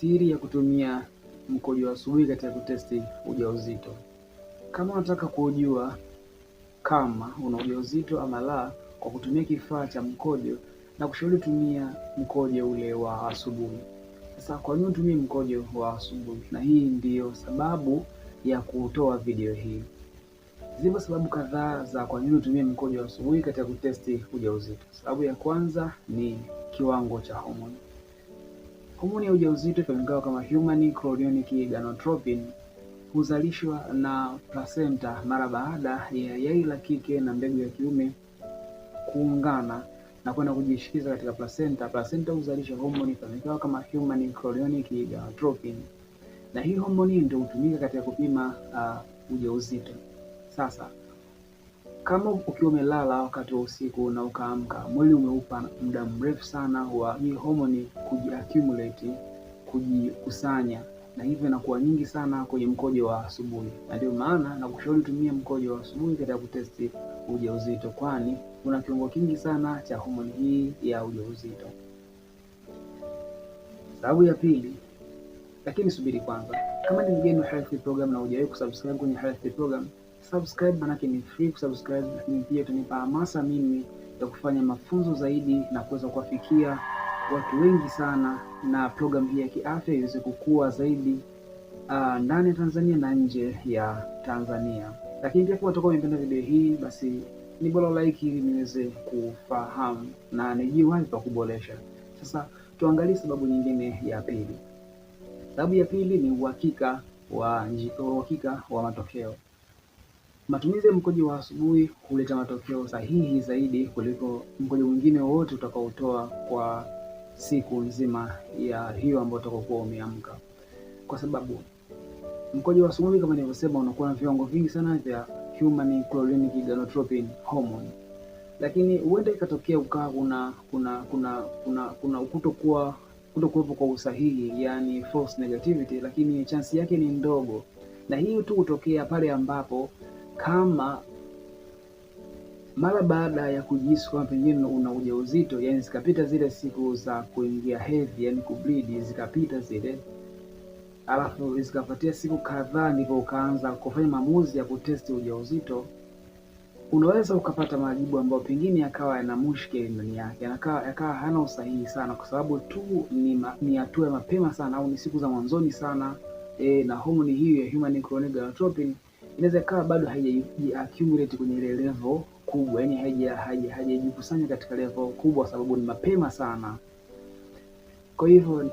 Siri ya kutumia mkojo wa asubuhi katika kutesti ujauzito. Kama unataka kujua kama una ujauzito ama la, kwa kutumia kifaa cha mkojo na kushauri tumia mkojo ule wa asubuhi. Sasa kwa nini utumie mkojo wa asubuhi? Na hii ndiyo sababu ya kutoa video hii. Zipo sababu kadhaa za kwa nini utumie mkojo wa asubuhi katika kutesti ujauzito. Sababu ya kwanza ni kiwango cha homoni. Homoni ya ujauzito ifahamikayo kama human chorionic gonadotropin huzalishwa na placenta mara baada ya yai la kike na mbegu ya kiume kuungana na kwenda kujishikiza katika placenta. Placenta huzalisha homoni ifahamikayo kama human chorionic gonadotropin, na hii homoni ndio hutumika katika kupima uh, ujauzito. Sasa kama ukiwa umelala wakati wa usiku na ukaamka, mwili umeupa muda mrefu sana wa hii homoni kujiaccumulate, kujikusanya, na hivyo inakuwa nyingi sana kwenye mkojo wa asubuhi, na ndio maana nakushauri tumia mkojo wa asubuhi katika kutesti ujauzito, kwani kuna kiwango kingi sana cha homoni hii ya ujauzito. Sababu ya pili, lakini subiri kwanza, kama ni mgeni wa Health Program na hujawahi kusubscribe kwenye Health Program subscribe, manake ni free kusubscribe, lakini pia utanipa hamasa mimi ya kufanya mafunzo zaidi na kuweza kuwafikia watu wengi sana, na programu hii ya kiafya iweze kukua zaidi uh, ndani ya Tanzania na nje ya Tanzania. Lakini pia kwa watakuwa video hii, basi ni bora like ili niweze kufahamu na nijue wapi pa kuboresha. Sasa tuangalie sababu nyingine ya pili. Sababu ya pili ni uhakika wa uhakika wa matokeo. Matumizi ya mkojo wa asubuhi huleta matokeo sahihi zaidi kuliko mkojo mwingine wowote utakaotoa kwa siku nzima ya hiyo ambayo utakokuwa umeamka, kwa sababu mkojo wa asubuhi kama nilivyosema, unakuwa na viwango vingi sana vya human chorionic gonadotropin hormone, lakini huenda ikatokea ukawa kuna kuna kuna kuna kuna kutokuwa kutokuwepo kwa usahihi, yani false negativity, lakini chansi yake ni ndogo, na hii tu hutokea pale ambapo kama mara baada ya kujihisi kwamba pengine una ujauzito, yani zikapita zile siku za kuingia hedhi, yani kubleed, zikapita zile, alafu zikafuatia siku kadhaa, ndipo ukaanza kufanya maamuzi ya kutesti ujauzito, unaweza ukapata majibu ambayo pengine yakawa yana mushkeli ndani yake, yakawa hana usahihi sana, kwa sababu tu ni hatua ya mapema sana, au ni siku za mwanzoni sana e, na homoni hiyo ya human gonadotropin inaweza ikawa bado haijaccumulate kwenye ile level kubwa, yani haijajikusanya katika level kubwa, sababu ni mapema sana. Kwa hivyo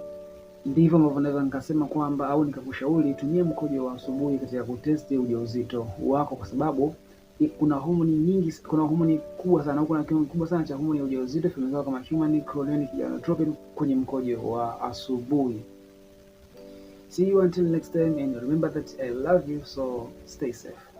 ndivyo ambavyo naweza nikasema kwamba au nikakushauri tumie mkojo wa asubuhi katika kutesti ujauzito wako, kwa sababu kuna homoni nyingi, kuna homoni kubwa sana, kuna kiwango kikubwa sana cha homoni ya ujauzito kimezaa kama human gonadotropin kwenye mkojo wa asubuhi. See you until next time, and remember that I love you, so stay safe.